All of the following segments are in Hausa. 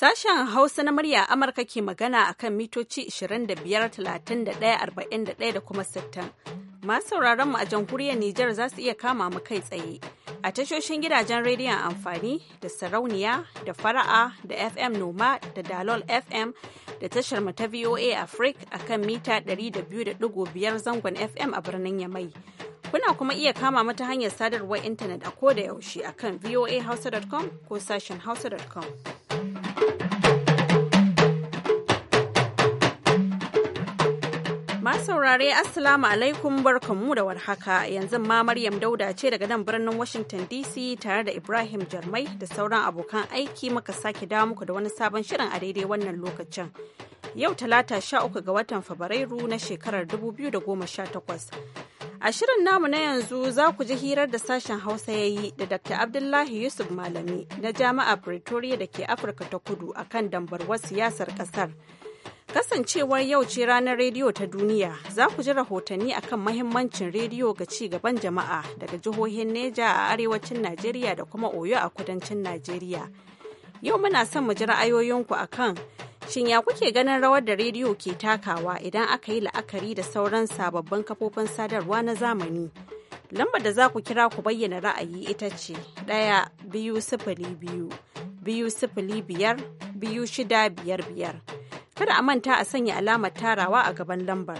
Sashen Hausa na murya Amurka ke magana a kan mitoci 25,31,41 da kuma 60. Masu sauraron mu a jamhuriyar Nijar za su iya kama mu kai tsaye. A tashoshin gidajen rediyon amfani da sarauniya da fara'a da FM Noma da Dalol FM da tashar mu ta VOA Africa a kan mita 200.5 zangon FM a birnin Yamai. Kuna kuma iya kama mata hanyar sadarwar intanet a ko da yaushe a kan voahausa.com ko sashen hausa.com. Masu saurare Assalamu alaikum barkanmu da warhaka yanzu ma Maryam Dauda ce daga nan birnin Washington DC tare da Ibrahim Jarmai da sauran abokan aiki muka sake dawo muku da wani sabon shirin a daidai wannan lokacin. Yau talata sha uku ga watan Fabrairu na shekarar 2018. A shirin namu na yanzu za ku ji hirar da sashen Hausa ya yi da Dr. Abdullahi Yusuf Malami na Jami'a Pretoria da ke Afirka ta Kudu akan dambarwar siyasar kasar Kasancewar yau ce ranar rediyo ta duniya, za ku ji rahotanni akan mahimmancin rediyo ga ci gaban jama'a daga jihohin Neja a arewacin Najeriya da kuma Oyo a kudancin Najeriya. Yau muna son mu ji ra'ayoyinku akan shin ya kuke ganin rawar da rediyo ke takawa idan aka yi la'akari da sauran sababbin kafofin sadarwa na zamani. Lambar da za ku kira ku bayyana ra'ayi ita ce ɗaya biyu sifili biyu biyu sifili biyar biyu shida biyar biyar. Kada a manta a sanya alamar tarawa a gaban lambar.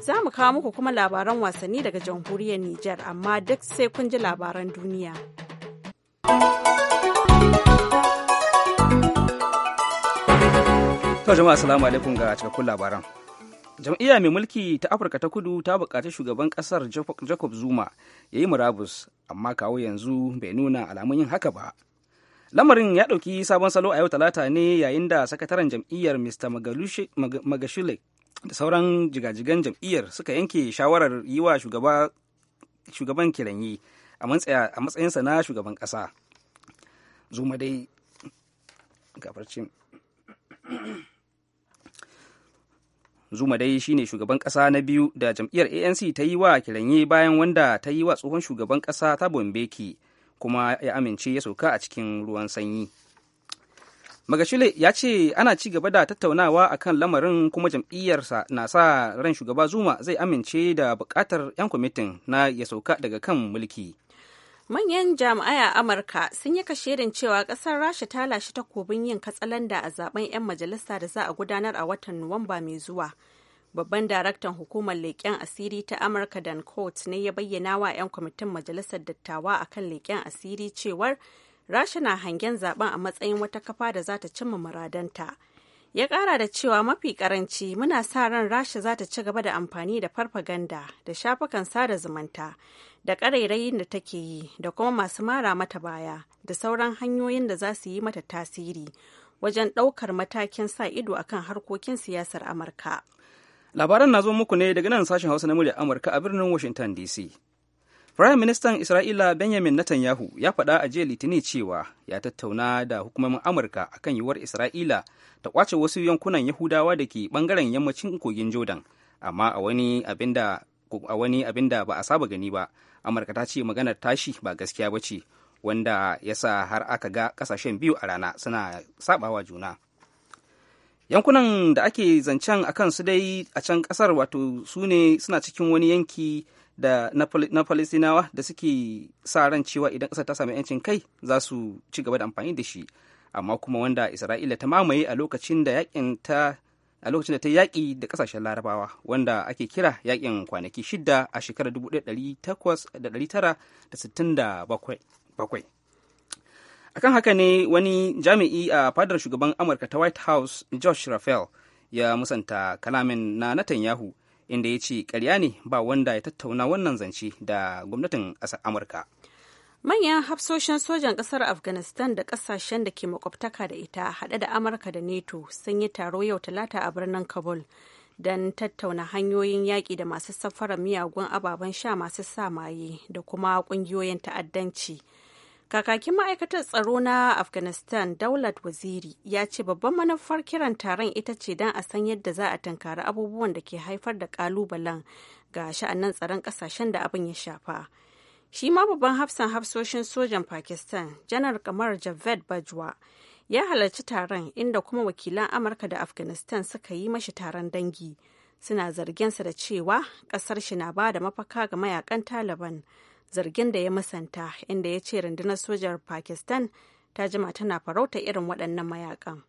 Za mu kawo muku kuma labaran wasanni daga jamhuriyar Nijar amma duk sai kun ji labaran duniya. To jama'a assalamu alaikum ga cikakkun labaran. jam'iyya mai mulki ta afirka ta kudu ta buƙaci shugaban ƙasar jacob zuma ya yi murabus amma kawo yanzu bai nuna alamun yin haka ba lamarin ya ɗauki sabon salo a yau talata ne yayin da sakataren jam'iyyar mr magashule da sauran jigajigan jam'iyyar suka yanke shawarar yi wa shugaban kiranyi a matsayinsa na shugaban ƙasa zuma dai gabarcin zuma dai shine shugaban kasa na biyu da jam'iyyar anc ta yi wa kiranye bayan wanda ta yi wa tsohon shugaban kasa ta bombeki kuma ya amince ya sauka a cikin ruwan sanyi magashile ya ce ana ci gaba da tattaunawa akan lamarin kuma jam'iyyarsa na sa ran shugaba zuma zai amince da bukatar 'yan kwamitin na ya sauka daga kan mulki manyan jami'ai a amurka sun yi kashirin cewa kasar rasha ta lashe takobin yin katsalanda a zaben 'yan majalisa da za a gudanar a watan nuwamba mai zuwa babban daraktan hukumar leƙen asiri ta amurka dan court ne ya bayyana wa 'yan kwamitin majalisar dattawa a kan leƙen asiri cewar rasha na hangen zaben a matsayin wata kafa da za ta cimma muradanta ya ƙara da cewa mafi karanci muna sa ran rasha za ta ci gaba da amfani da farfaganda da shafukan sada zumunta da ƙarairayin da take yi da kuma masu mara mata baya da sauran hanyoyin da za su yi mata tasiri wajen ɗaukar matakin sa ido akan harkokin siyasar amurka labaran na zo muku ne daga nan sashen hausa na murya amurka a birnin washington dc Firayim Ministan Isra'ila Benjamin Netanyahu ya faɗa a jiya Litinin cewa ya tattauna da hukumomin Amurka akan yiwuwar Isra'ila ta kwace wasu yankunan Yahudawa da ke bangaren yammacin kogin Jordan, amma a wani abin da a wani abin da ba a saba gani ba amurka ta ce maganar tashi ba gaskiya ba ce wanda ya sa har aka ga kasashen biyu a rana suna sabawa juna yankunan da ake zancen a kan su dai a can kasar wato su ne suna cikin wani yanki da na palestinawa da suke sa ran cewa idan kasar ta sami yancin kai za su ci gaba da amfani da shi amma kuma wanda isra'ila ta mamaye a lokacin da yakin ta a lokacin da ta yaƙi da ƙasashen larabawa wanda ake kira yaƙin kwanaki shida a shekarar 1967 akan haka ne wani jami'i a fadar shugaban amurka ta white house josh raphael ya musanta kalamin na netanyahu inda ya ce karya ne ba wanda ya tattauna wannan zance da gwamnatin ƙasar amurka manyan hafsoshin sojan ƙasar afghanistan da ƙasashen da ke makwabtaka da ita haɗe da amurka da neto sun yi taro yau talata a birnin kabul don tattauna hanyoyin yaƙi da masu safarar miyagun ababen sha masu sa maye da kuma ƙungiyoyin ta'addanci kakakin ma'aikatar tsaro na afghanistan daulat waziri ya ce babban manufar kiran taron ita ce don a san yadda za a tankari abubuwan da ke haifar da ƙalubalen ga sha'anin tsaron ƙasashen da abin ya shafa shi ma babban hafsan hafsoshin sojan pakistan janar kamar javed bajwa ya halarci taron inda kuma wakilan amurka da afghanistan suka yi mashi taron dangi suna zarginsa da cewa kasar shi na ba da mafaka ga mayakan taliban zargin da ya musanta inda ya ce rundunar sojar pakistan ta jima tana farauta irin waɗannan mayakan.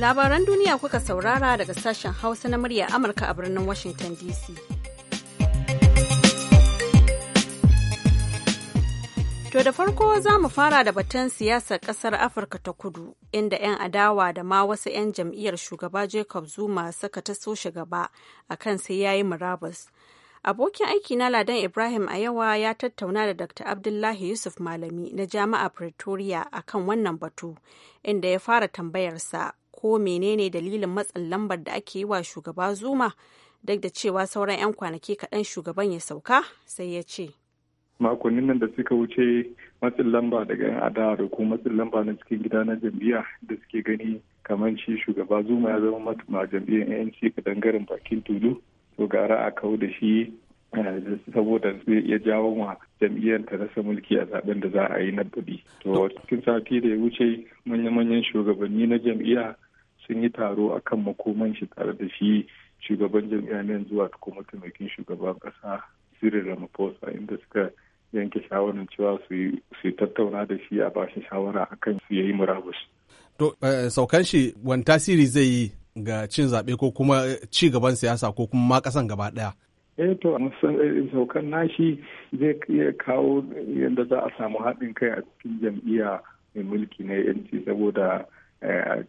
Labaran duniya kuka saurara daga sashen Hausa na murya Amurka a birnin Washington DC. To da farko za mu fara da batun siyasar ƙasar Afirka ta kudu, inda 'yan adawa da ma wasu 'yan jam'iyyar shugaba Jacob Zuma suka so gaba a kan sai ya yi murabus. Abokin aiki na Ladan Ibrahim a yawa ya tattauna da Dr. Abdullahi Yusuf Malami na Jami'a Pretoria a kan wannan batu, inda ya fara tambayarsa ko menene dalilin matsin lambar da ake yi wa shugaba zuma duk da cewa sauran 'yan kwanaki kaɗan shugaban ya sauka sai ya ce makonnin nan da suka wuce matsin lamba daga 'yan adawa da kuma matsin lamba na cikin gida na jam'iyya da suke gani kamar shi shugaba zuma ya zama matuma jam'iyyar anc kadangaren bakin tulu to gara a kawo da shi eh, saboda zai iya jawo ma jam'iyyar ta rasa mulki a zaben da za a yi na babi To cikin sati da ya wuce manya-manyan shugabanni na jam'iyya sun yi taro akan makoman shi tare da shi shugaban jami'an na yanzu ko kuma taimakin shugaban kasa Cyril Ramaphosa inda suka yanke shawarar cewa su yi tattauna da shi a bashi shawara akan su yayi murabus. To eh, saukan shi wani tasiri zai yi ga cin zaɓe ko kuma ci gaban siyasa ko kuma ma ƙasan gaba ɗaya. eh to eh, saukan nashi zai iya kawo yadda za a samu haɗin kai a cikin jam'iyya mai mulki na yanci saboda Eh,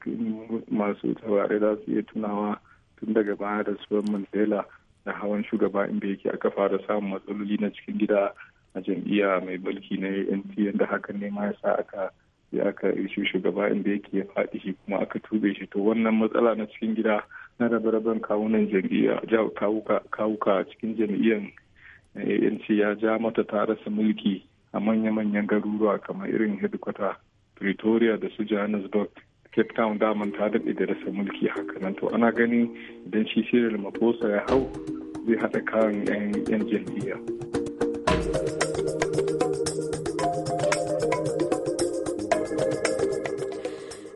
masu taurari za su iya tunawa tun daga baya da suwan mandela da hawan shugaba inda yake aka fara samun matsaloli na cikin gida a jam'iyya mai mulki na ant yadda hakan ne ma ya sa aka ya aka shugaba inda yake ya faɗi shi kuma aka tube shi to wannan matsala na cikin gida na rabe-raben kawunan jam'iyya kawuka cikin jam'iyyar ANC eh, ya ja mata ta rasa mulki a manya-manyan garuruwa kamar irin hedikwata Pretoria da su Johannesburg cape town daman ta daɗe da rasa mulki haka nan to ana gani idan shi da maposa ya hau zai haɗa kan 'yan jam'iyya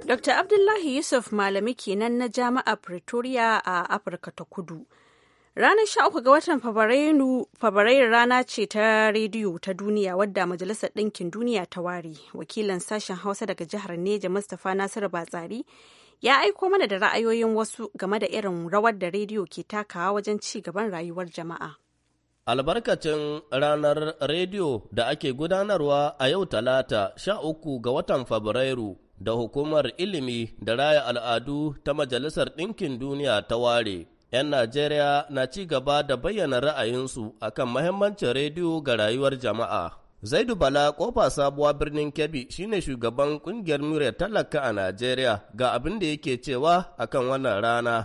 Dr. Abdullahi Yusuf malami kenan na jami'a Pretoria a Afirka ta Kudu. Ranar 13 ga watan Fabrairu, rana ce ta rediyo ta duniya wadda Majalisar Ɗinkin Duniya ta ware. Wakilan sashen Hausa daga jihar Neja Mustapha Nasiru Batsari ya aiko mana da ra'ayoyin wasu game da irin rawar da rediyo ke takawa wajen ci gaban rayuwar jama'a. Albarkacin ranar rediyo da ake gudanarwa a yau talata sha uku ga watan Fabrairu da hukumar ilimi da raya al'adu ta Majalisar Ɗinkin Duniya ta ware. 'yan Najeriya na ci gaba da bayyana ra'ayinsu akan mahimmancin rediyo ga rayuwar jama'a. Zaidu Bala kofa sabuwa birnin Kebbi shine shugaban kungiyar murya talaka a Najeriya ga abin da yake cewa akan wannan rana.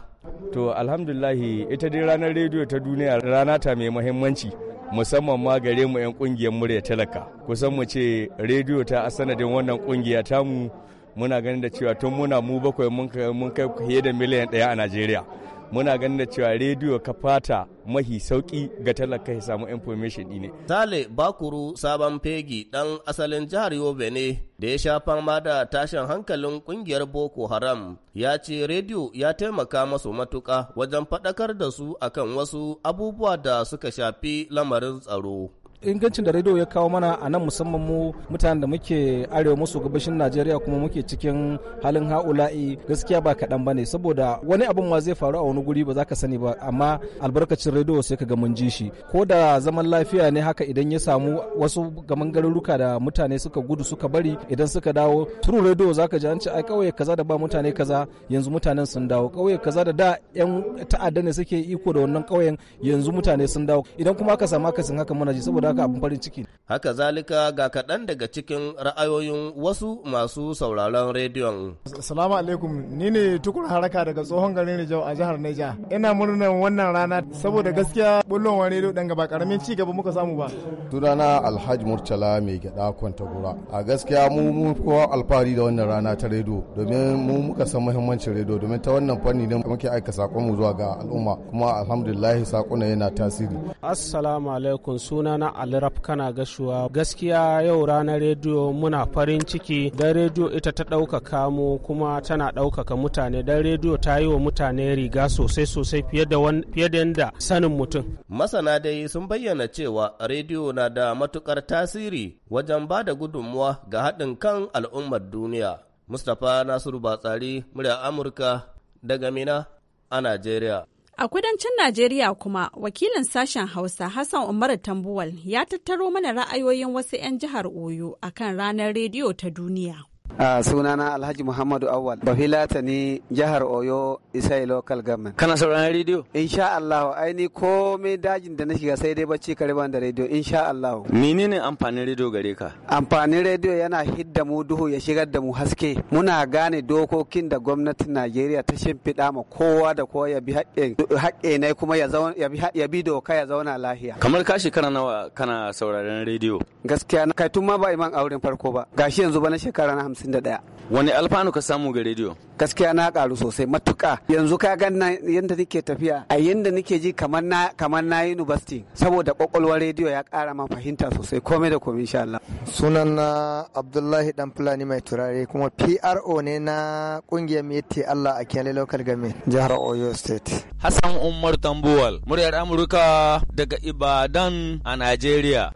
To alhamdulahi ita dai ranar rediyo ta duniya rana ta mai mahimmanci musamman ma gare mu 'yan kungiyar Murya talaka. Kusan mu ce rediyo ta sanadin wannan kungiya tamu muna ganin da cewa tun muna mu bakwai mun kai fiye da miliyan ɗaya a Najeriya. muna ganin da cewa rediyo ka fata mahi sauki ga talaka ya samu information ne. Tale Bakuru sabon fegi ɗan asalin jihar Yobe ne da ya sha fama da tashin hankalin kungiyar Boko Haram ya ce rediyo ya taimaka masu matuƙa wajen faɗakar da su akan wasu abubuwa da suka shafi lamarin tsaro. ingancin da radio ya kawo mana a nan musamman mu mutanen da muke arewa maso gabashin najeriya kuma muke cikin halin ha'ula'i gaskiya ba kaɗan ba ne saboda wani abin ma zai faru a wani guri ba za ka sani ba amma albarkacin radio sai ka ga mun ji shi ko da zaman lafiya ne haka idan ya samu wasu gaman garuruka da mutane suka gudu suka bari idan suka dawo turu radio za ka ji an ce ai kauye kaza da ba mutane kaza yanzu mutanen sun dawo kawai kaza da da yan ta'adda ne suke iko da wannan kauyen yanzu mutane sun dawo idan kuma aka samu akasin haka muna ji saboda haka abin farin ciki haka zalika ga kaɗan daga cikin ra'ayoyin wasu masu sauraron rediyon Salamu alaikum ni ne tukur haraka daga tsohon garin rijau a jihar neja ina murnar wannan rana saboda gaskiya bullon rediyo ɗan gaba ƙaramin ci gaba muka samu ba sunana alhaji murtala mai gyada kwantagura a gaskiya mu mu kowa alfahari da wannan rana ta rediyo domin mu muka san muhimmancin rediyo domin ta wannan fanni ne muke aika sakon mu zuwa ga al'umma kuma alhamdulillah sakuna yana tasiri assalamu alaikum sunana alraf kana gashuwa gaskiya yau ranar rediyo muna farin ciki don rediyo ita ta ɗaukaka mu kuma tana ɗaukaka mutane don rediyo ta yi wa mutane riga sosai sosai fiye da yadda sanin mutum masana dai sun bayyana cewa rediyo na da matukar tasiri wajen ba da gudunmuwa ga haɗin kan al'ummar duniya mustapha nasiru batsari murya amurka daga mina a najeriya A kudancin Najeriya kuma wakilin sashen Hausa Hassan Umar Tambuwal ya tattaro mana ra'ayoyin wasu 'yan jihar Oyo akan ranar rediyo ta duniya. a sunana alhaji muhammadu awal bafilata ni jihar oyo isai local government kana sauraron rediyo insha allah ai ni komai dajin da na shiga sai dai bacci kare da rediyo insha allah menene amfanin rediyo gare ka amfanin rediyo yana hidda mu duhu ya shigar da mu haske muna gane dokokin da gwamnatin najeriya ta shimfiɗa ma kowa da kowa ya bi haƙƙe ne kuma ya bi doka ya zauna lahiya kamar ka shekara nawa kana sauraron rediyo gaskiya na. kai tun ma ba iman auren farko ba gashi yanzu ba na shekara na hamsin 51 wani alfanu ka samu ga rediyo gaskiya na karu sosai matuka yanzu ka ga yadda nake tafiya a yadda nake ji kamar na kamar na university saboda kwakwalwar rediyo ya kara ma fahimta sosai komai da komai insha Allah sunan na Abdullahi dan Fulani mai turare kuma PRO ne na kungiyar Meti Allah a Kele Local Government jihar Oyo State Hassan Umar Tambuwal muryar Amurka daga Ibadan a Najeriya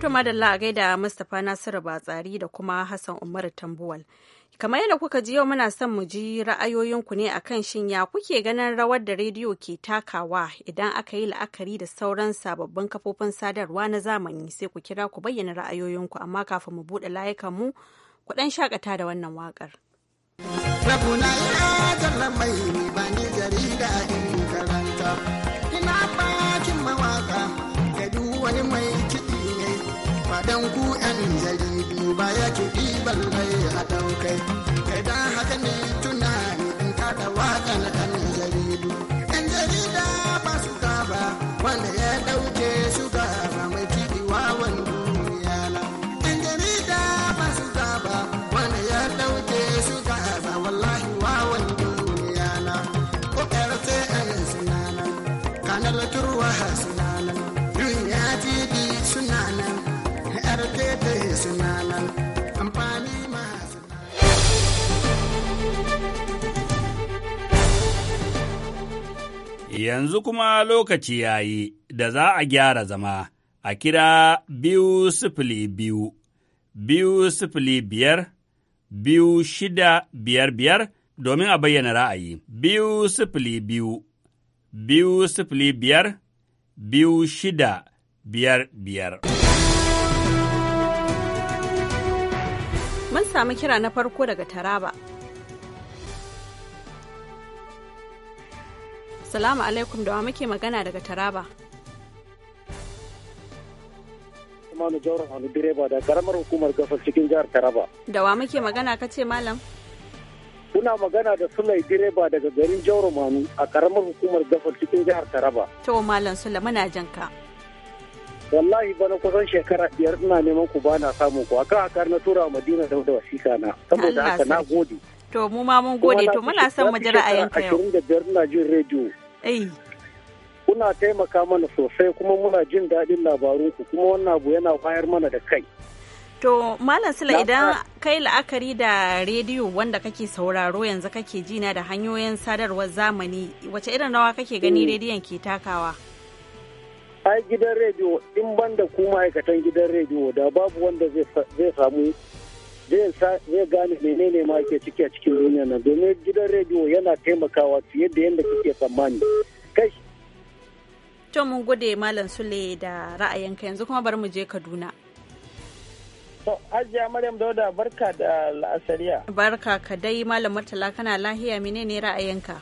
To madalla a gaida Mustapha Nasiru Batsari da kuma Hassan Umar Tambuwal. Kamar yadda kuka ji yau muna son mu ji ra'ayoyinku ne akan shin ya kuke ganin rawar da rediyo ke takawa idan aka yi la'akari da sauran sababbin kafofin sadarwa na zamani sai ku kira ku bayyana ra'ayoyinku amma kafin mu buɗe layukan mu ku ɗan shakata da wannan waƙar. mai ba ni mawaka ga mai fadan ku yan jaridu ba ya ke ɗiban mai a ɗaukai kai dan haka ne Yanzu kuma lokaci ya yi da za a gyara zama a kira biyu sifili biyu, biyu sifili biyar, biyu shida biyar biyar domin a bayyana ra'ayi. Biyu sifili biyu, biyu sifili biyar, biyu shida biyar biyar. Mun sami kira na farko daga Taraba. Salamu alaikum da wa muke magana daga Taraba. Manu Jauron Hannu Direba da karamar hukumar gafar cikin jihar Taraba. Da wa muke magana ka ce malam? Kuna magana da Sulai Direba daga garin Jauron Hannu a karamar hukumar gafar cikin jihar Taraba. To malam Sula muna jan ka. Wallahi bana kusan shekara biyar ina neman ku bana samun ku akan haka na tura Madina da wasiƙa na saboda haka na gode. To mu ma mun gode to muna son mu ji ra'ayinka yau. da na jin rediyo. Ai. Kuna taimaka mana sosai kuma muna jin daɗin labarunku kuma wannan abu yana bayar mana da kai. To Malam Sula idan kai la'akari da rediyo wanda kake sauraro yanzu kake ji na da hanyoyin sadarwar zamani wace irin rawa kake gani mm. rediyon ke takawa? Ai gidan rediyo in banda ku aikatan gidan rediyo da babu wanda zai samu zai gane menene ma ke ciki a cikin duniya na domin gidan rediyo yana taimakawa fiye da yadda kuke tsammani kai to mun gode malam sule da ra'ayinka yanzu kuma bari mu je kaduna to hajiya maryam dauda barka da la'asariya barka ka dai malam murtala kana lahiya menene ra'ayinka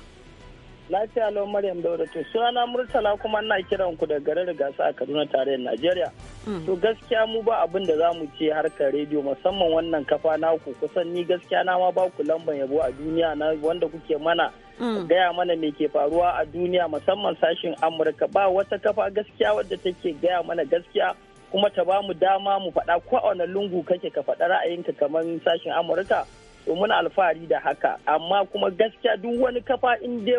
Lafiya lau Maryam Dauda to sunana Murtala kuma na kiran ku da garin gasa a Kaduna tarayyar Najeriya. Hmm. To gaskiya mu ba abin da za mu ce harka rediyo musamman wannan kafa naku kusan ni gaskiya na ma ba ku lamban yabo a duniya na wanda kuke mana hmm. gaya mana me ke faruwa a duniya musamman sashin Amurka ba wata kafa gaskiya wadda take gaya mana gaskiya kuma ta ba mu dama mu faɗa ko a wani lungu kake ka faɗa ra'ayinka kamar sashin amurka to muna alfahari da haka amma kuma gaskiya duk wani kafa in dai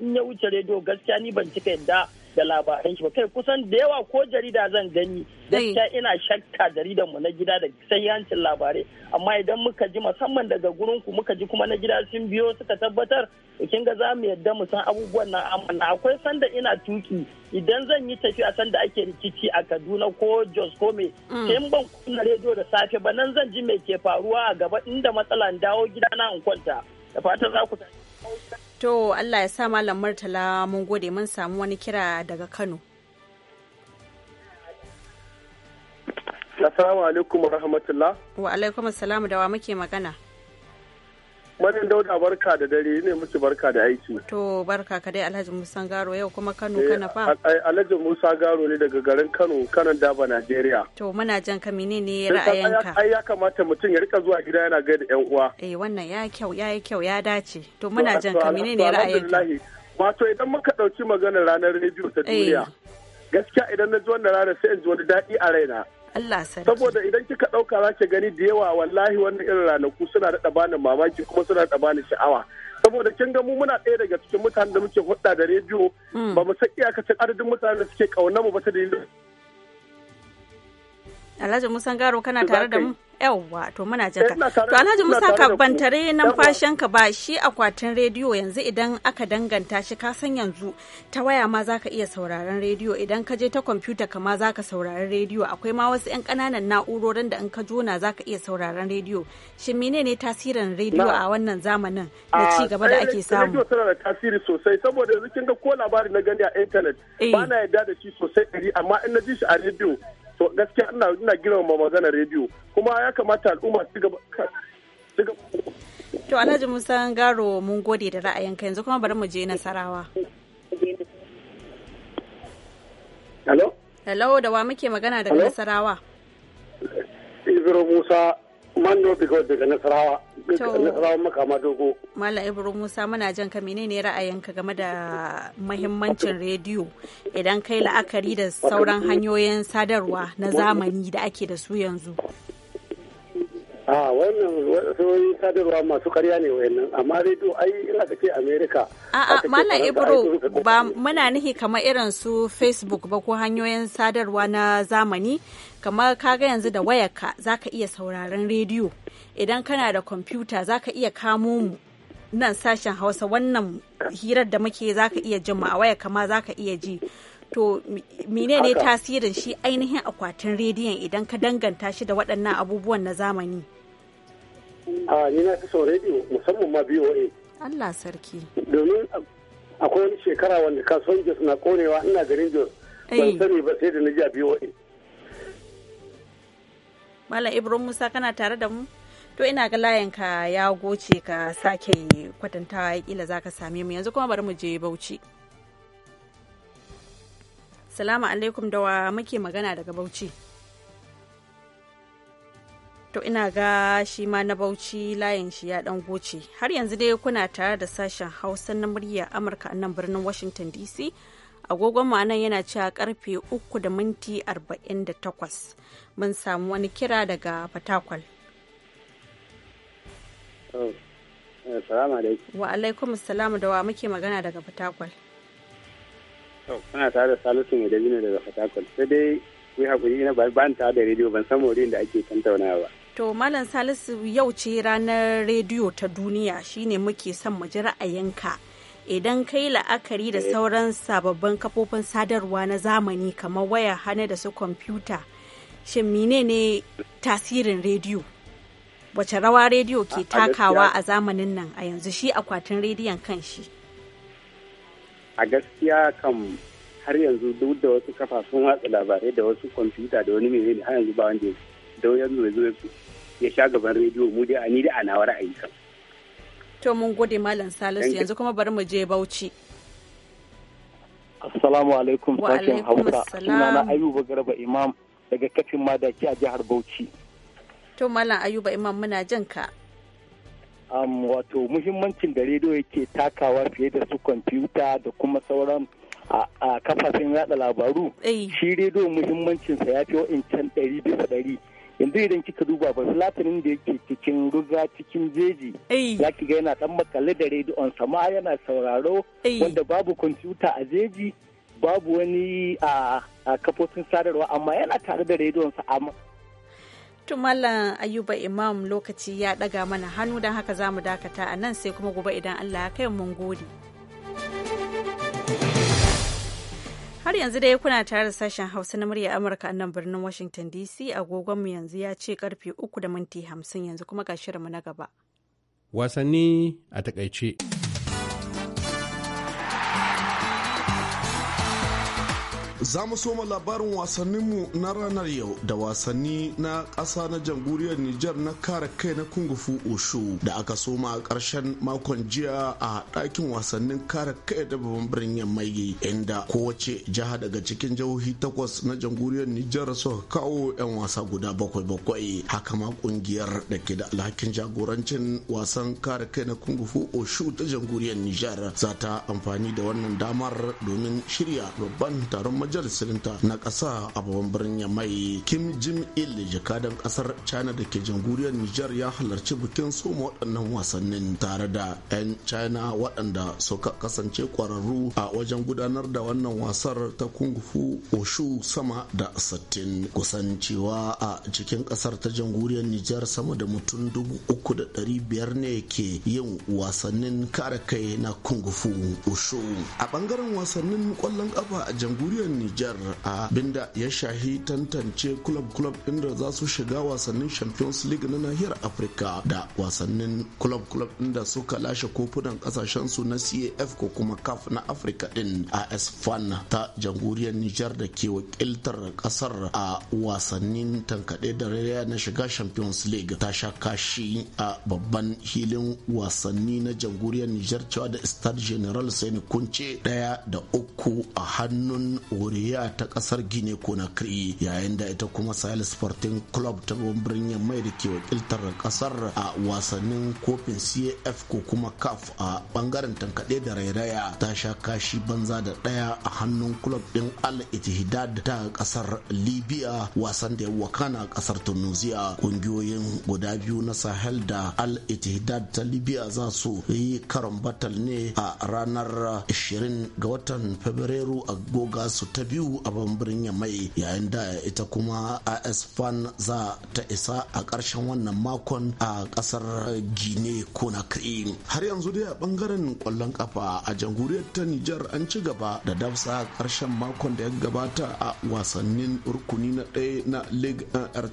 in ya wuce rediyo gaskiya ni ban cika yadda da labaran shi ba kai kusan da yawa ko jarida zan gani gaskiya ina shakka jaridan mu na gida da sahihancin labarai amma idan muka ji musamman daga gurin ku muka ji kuma na gida sun biyo suka tabbatar kin ga za mu yadda mu san abubuwan nan amma akwai sanda ina tuki idan zan yi tafiya sanda ake rikici a Kaduna ko Jos ko me mm. sai ban kunna rediyo da safe ba nan zan ji me ke faruwa a gaba inda matsala dawo gida na in kwanta da fatan za ku To Allah ya sa Malam Murtala mun gode mun samu wani kira daga Kano. Assalamu alaikum wa rahmatullah. Wa alaikum assalamu da wa muke magana. Maryam Dauda barka da dare ne muke barka da aiki. To barka ka dai Alhaji Musa Garo yau kuma Kano eh, kana fa. Alhaji Musa Garo ne daga garin Kano kanan daba Najeriya. To muna jan ka ne ra'ayinka? Ai ya kamata mutum ya rika zuwa gida yana gaida yan uwa. Eh wannan ya kyau ya yi kyau ya dace. To muna jan ka ne ra'ayinka? Wato idan muka ɗauki maganar ranar rediyo ta duniya. Eh. Gaskiya idan na ji wannan ranar sai in ji wani daɗi a raina. Allah Saboda idan kika ɗauka za ki gani da yawa wallahi wannan irin ranaku suna da bani mamaki kuma suna da bani sha'awa. Saboda kin ga mu muna ɗaya daga cikin mutanen da muke hudda da rediyo hmm. ba mu san iyakacin adadin mutanen da suke ƙaunar mu ba ta dalilin Alhaji Musa Garo kana tare da mu? Yawwa, to muna jin eh, ka. To Alhaji Musa ka bantare ka ba shi akwatin rediyo yanzu idan aka danganta shi ka san yanzu ta waya ma zaka iya sauraron rediyo idan ka je ta kwamfuta ka ma zaka saurari rediyo akwai ma wasu yan kananan na'urorin da in ka jona zaka iya sauraron rediyo. Shin menene tasirin rediyo a wannan zamanin da ah, ci gaba da ake samu? Rediyo tana da tasiri sosai saboda yanzu kin ga ko labari na gani a intanet. Eh. ba na yarda da shi sosai ɗari amma in na ji shi a rediyo so gaskiya ina ina girmama magana rediyo kuma ya kamata al'umma su ga to Alhaji Musa Garo mun gode da ra'ayinka yanzu kuma bari mu je Nasarawa Hello Hello da wa muke magana daga Nasarawa Ibro Musa man Mando daga Nasarawa rawan makama dogo mala ibro musa muna jan ka menene ra'ayinka game da mahimmancin rediyo idan kai la'akari da sauran hanyoyin sadarwa na zamani da ake da su yanzu a wannan wasoyi sadarwa masu karya ne wayannan amma rediyo ai ina da ke america a a mallam ibro ba muna nihi kamar irin su facebook ba ko hanyoyin sadarwa na zamani kamar kaga yanzu da wayarka zaka iya sauraron rediyo idan kana da kwamfuta zaka iya kamo mu nan sashen hausa wannan hirar da muke zaka iya jin mu a wayar kama zaka iya ji to menene ne tasirin shi ainihin akwatin rediyon idan ka danganta shi da waɗannan abubuwan na zamani a ni na fi son rediyo musamman ma voa allah sarki domin akwai wani shekara wanda kasuwan jos na konewa ina garin jos ban sani ba sai da na ja voa Malam Ibrahim Musa kana tare da mu? To ina ga layinka ya goce ka sake kwatantawa ya kila za ka same mu yanzu kuma bari mu je Bauchi. Salamu alaikum da wa muke magana daga Bauchi. To ina ga shi ma na Bauchi layin shi ya dan goce. Har yanzu dai kuna tare da sashen Hausa na murya Amurka a nan birnin Washington DC. Agogon mu nan yana cewa karfe 3 da minti 48. Mun samu wani kira daga Fatakwal. Oh, eh, wa alaikum salamu da wa muke magana daga Fatakwal. kana tare da Salisu mai dabino daga Fatakwal. Sai dai kuyi hakuri na ban tare da rediyo ban san wurin da ake tantaunawa ba. To Malam Salisu yau ce ranar rediyo ta duniya shine muke son mu ji ka Idan kai la'akari da eh. sauran sababbin kafofin sadarwa na zamani kamar waya hana da su kwamfuta, shin menene tasirin rediyo? Wace rawa rediyo ke takawa a zamanin nan a yanzu shi akwatin rediyon kan shi? a gaskiya kam har yanzu duk da wasu kafafun watsa labarai da wasu kwamfuta da wani mai har yanzu ba wanda da yanzu ya zo ya sha gaban rediyo mu dai ni da a nawar ra'ayi kan. To mun gode Malam Salisu yanzu kuma bari mu je Bauchi. Assalamu alaikum sashen Hausa. Sunana Ayuba Garba Imam daga kafin madaki a jihar Bauchi. To Malam Ayuba Imam muna jinka. ka. um, wato muhimmancin da rediyo yake takawa fiye da su kwamfuta da kuma sauran a kafafen yada labaru shi rediyo muhimmancinsa ya fi wa'incan ɗari bisa ɗari yanzu idan kika duba ba latinin da yake cikin ruga cikin jeji za ki ga yana dan makalle da rediyon sama yana sauraro wanda babu kwamfuta a jeji babu wani a kafofin sadarwa amma yana tare da rediyonsa Malam Ayuba Imam lokaci ya ɗaga mana hannu don haka za mu dakata a nan sai kuma gobe idan Allah ya kai mun gode. Har yanzu dai kuna tare da sashen Hausa na murya Amurka a nan birnin Washington DC agogon mu yanzu ya ce karfe uku da minti hamsin yanzu kuma ga shirinmu na gaba. Wasanni a takaice. Za mu soma labarin wasanninmu na ranar yau da wasanni na ƙasa na jamhuriyar Nijar na kare kai na kungufu Osho da aka soma a ƙarshen makon jiya a ɗakin wasannin kare kai da babban birnin mai inda kowace jiha daga cikin jihohi takwas na jamhuriyar Nijar suka kawo 'yan wasa guda bakwai bakwai haka ma kungiyar da ke da alhakin jagorancin wasan kare kai na kungufu Osho ta jamhuriyar Nijar za ta amfani da wannan damar domin shirya babban taron ta, na ƙasa a babban birnin Yamai Kim Jim Il jakadan ƙasar China da ke jamhuriyar Nijar ya halarci bikin soma waɗannan wasannin tare da 'yan China waɗanda suka kasance kwararru a wajen gudanar da wannan wasar ta kungufu, fu oshu sama da satin. kusan cewa a cikin ƙasar ta jamhuriyar Nijar sama da mutum dubu uku da ɗari biyar ne ke yin wasannin kare kai na kungufu, fu oshu a bangaren wasannin ƙwallon ƙafa a jamhuriyar Nijar abinda ya shahi tantance club-club inda za su shiga wasannin Champions League na nahiyar Afirka da wasannin club-club inda suka lashe kofunan kasashen su na CAF ko kuma CAF na Afirka din a Fan ta jamhuriyar Nijar da ke wakiltar kasar a wasannin tankaɗe da rariya na shiga Champions League ta sha kashi a babban hilin wasanni na jamhuriyar Nijar cewa da Stade General Sani Kunce daya da uku a hannun jamhuriya ta kasar gine conakry yayin da ita kuma sahel sporting club ta birnin mai da ke wakiltar kasar a wasannin kofin caf ko kuma caf a bangaren tankade da rairaya ta sha kashi banza da ɗaya a hannun club ɗin al ittihad ta kasar libya wasan da ya wakana a kasar tunisia kungiyoyin guda biyu na sahel da al ittihad ta libya za su yi karon batal ne a ranar 20 ga watan fabrairu a goga su ta biyu a ya mai yayin da ita kuma as fan za ta isa a ƙarshen wannan makon a ƙasar gine conakry har yanzu dai a ɓangaren ƙwallon kafa a jamhuriyar ta nijar an ci gaba da dafsa ƙarshen makon da ya gabata a wasannin rukuni na ɗaya na league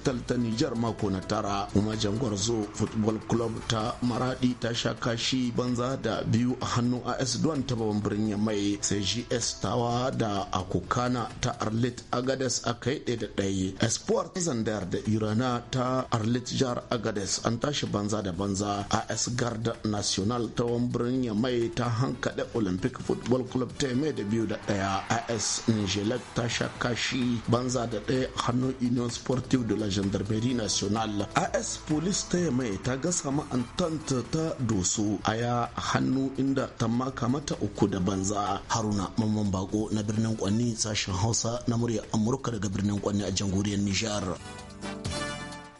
tal ta nijar mako na tara kuma zo football club ta maradi ta sha kashi banza da biyu a hannun as duwan ta babban birnin mai sai gs tawa da ako. kana ta arlit agades a kai ɗaya da ɗaya espoir zandar da irana ta arlit jihar agades an tashi banza da banza s garda national ta wambirin yamai ta hankaɗe olympic football club ta yamai da biyu da ɗaya as nigelec ta sha kashi banza da ɗaya hannun union sportive de la gendarmerie nationale as police ta yamai ta gasa ma'antanta ta doso aya hannu inda ta maka mata uku da banza haruna mamman bako na birnin kwanni sashen Hausa na murya Amurka daga birnin Kwanne a jamhuriyar Nijar.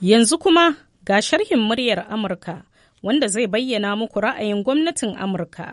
Yanzu kuma ga sharhin muryar Amurka wanda zai bayyana muku ra'ayin gwamnatin Amurka.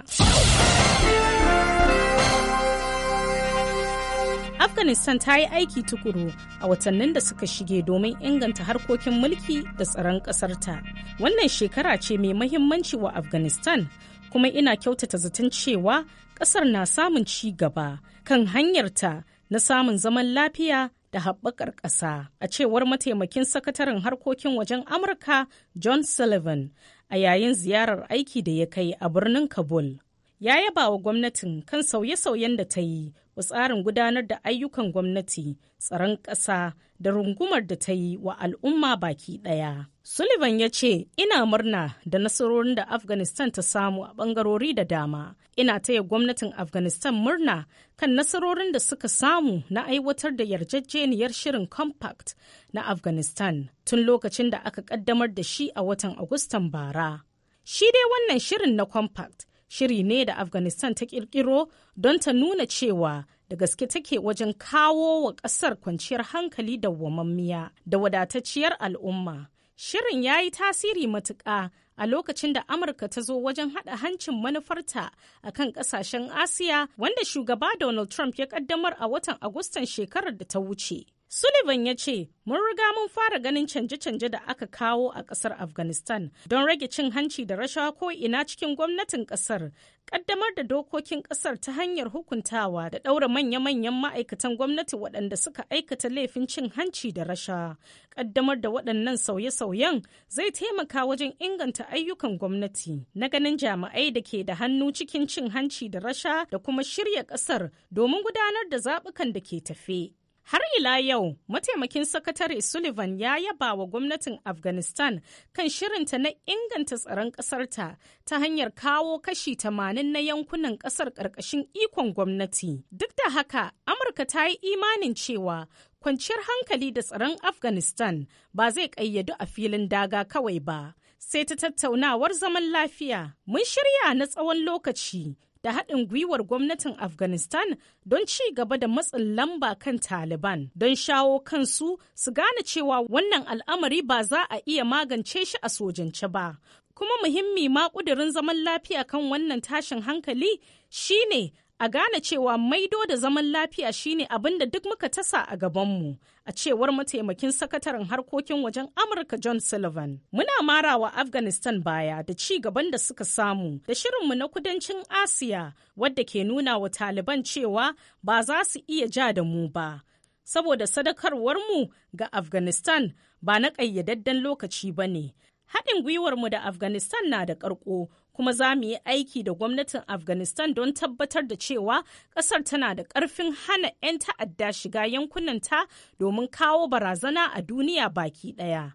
afghanistan ta yi aiki tukuru a watannin da suka shige domin inganta harkokin mulki da tsaron ƙasarta wannan shekara ce mai mahimmanci wa afghanistan kuma ina kyautata zaton cewa kasar na samun ci gaba kan hanyarta na samun zaman lafiya da haɓakar ƙasa a cewar mataimakin sakataren harkokin wajen amurka john sullivan a yayin ziyarar aiki da ya kai a birnin kabul ya yaba wa gwamnatin kan sauye-sauyen da ta yi wa tsarin gudanar da ayyukan gwamnati tsaron ƙasa da rungumar da ta yi wa al'umma baki ɗaya. Sullivan ya ce, Ina murna da nasarorin da Afghanistan ta samu a ɓangarori da dama. Ina taya gwamnatin Afghanistan murna kan nasarorin da suka samu na aiwatar da yarjejeniyar shirin Compact na Afghanistan tun lokacin da aka ƙaddamar da shi a watan Agustan bara. Shi dai wannan shirin na Compact shiri ne da afghanistan ta kirkiro don ta nuna cewa da gaske take wajen kawo wa ƙasar kwanciyar hankali da wamammiya da wadatacciyar al'umma shirin ya yi tasiri matuƙa a lokacin da amurka ta zo wajen haɗa hancin manufarta a kan ƙasashen asiya wanda shugaba donald trump ya ƙaddamar a watan agustan shekarar da ta wuce Sullivan ya ce, Mun riga mun fara ganin canje-canje da aka kawo a ƙasar Afghanistan don rage cin hanci da rashawa ko ina cikin gwamnatin ƙasar, ƙaddamar da dokokin ƙasar ta hanyar hukuntawa da ɗaura manya-manyan ma'aikatan gwamnati waɗanda suka aikata laifin cin hanci da rasha Ƙaddamar da waɗannan sauye-sauyen zai taimaka wajen inganta ayyukan gwamnati na ganin jami'ai da ke da hannu cikin cin hanci da rasha da kuma shirya ƙasar domin gudanar da zaɓukan da ke tafe. Har ila yau, mataimakin sakatare Sullivan ya yaba wa gwamnatin Afghanistan kan shirinta na inganta tsaron ƙasarta ta hanyar kawo kashi tamanin na yankunan ƙasar ƙarƙashin ikon gwamnati. Duk da haka, Amurka ta yi imanin cewa kwanciyar hankali da tsaron Afghanistan ba zai ƙayyadu a filin daga kawai ba. Sai ta tattaunawar zaman lafiya, mun shirya na tsawon lokaci da haɗin gwiwar gwamnatin afghanistan don ci gaba da matsin lamba kan taliban don shawo kansu su gane cewa wannan al'amari ba za a iya magance shi a sojance ba kuma muhimmi ma ƙudurin zaman lafiya kan wannan tashin hankali shine a gane cewa maido da zaman lafiya shine abin da duk muka tasa a gabanmu a cewar mataimakin sakataren harkokin wajen amurka john sullivan muna marawa afghanistan baya da ci gaban da suka samu da shirinmu na kudancin asiya wadda ke nuna wa taliban cewa ba za su iya ja da mu ba saboda sadakarwarmu ga afghanistan ba na ƙayyadadden lokaci ba ne haɗin gwiwarmu da afghanistan na da ƙarƙo kuma za mu yi aiki da gwamnatin afghanistan don tabbatar da cewa kasar tana da karfin hana 'yan ta'adda shiga yankunanta domin kawo barazana a duniya baki daya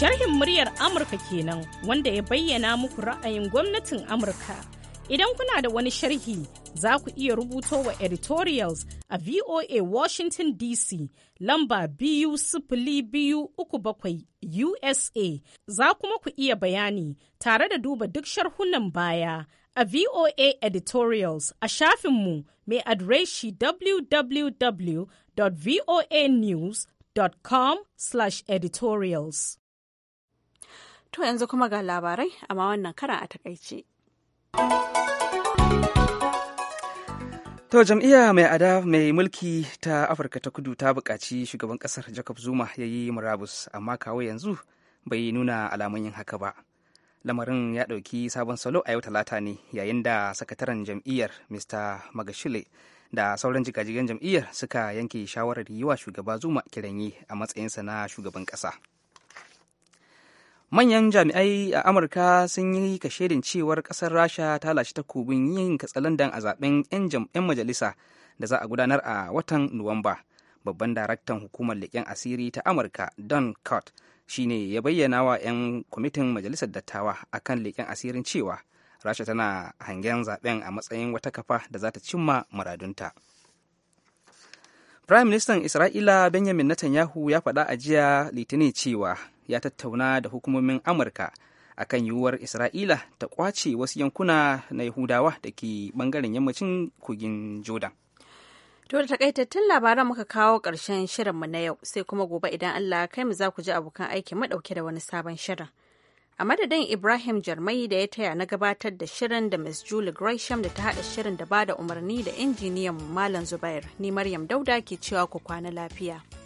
sharhin muryar amurka kenan wanda ya bayyana muku ra'ayin gwamnatin amurka idan kuna da wani sharhi za ku iya rubuto wa editorials a VOA Washington DC lamba biyu sifili biyu uku bakwai USA za kuma ku iya bayani tare da duba duk sharhunan baya a VOA editorials a shafinmu mai adireshi www.voanews.com/editorials. To yanzu kuma ga labarai amma wannan karan a takaice. To jam'iyya mai ada mai mulki ta Afirka ta kudu ta buƙaci shugaban ƙasar Jacob Zuma ya yi murabus amma kawo yanzu bai nuna alamun yin haka ba. Lamarin ya ɗauki sabon salo a yau talata ne yayin da sakataren jam'iyyar Mr. Magashile da sauran jigajigan jam'iyyar suka yanke shawarar yi wa shugaba Zuma kiran yi a matsayinsa na shugaban ƙasa. manyan jami'ai a amurka sun yi kashedin cewar kasar rasha ta lashe takobin yin katsalandan a zaben 'yan majalisa da za a gudanar a watan nuwamba babban daraktan hukumar leƙen asiri ta amurka don cott shine ya bayyana wa 'yan kwamitin majalisar dattawa a kan leƙen asirin cewa rasha tana hangen zaben a matsayin wata kafa da za ta cimma muradunta prime ministan isra'ila benjamin netanyahu ya faɗa a jiya litinin cewa ya tattauna da hukumomin amurka a kan yiwuwar isra'ila ta kwace wasu yankuna na yahudawa da ke ɓangaren yammacin kogin jordan To da takaitattun labaran muka kawo ƙarshen shirinmu na yau sai kuma gobe idan Allah kai mu za ku ji abokan aiki madauke da wani sabon shirin. A madadin Ibrahim Jarmai da ya taya na gabatar da shirin da Miss Julie Gresham da ta haɗa shirin da ba da umarni da injiniyan Malam Zubair, ni Maryam Dauda ke cewa ku kwana lafiya.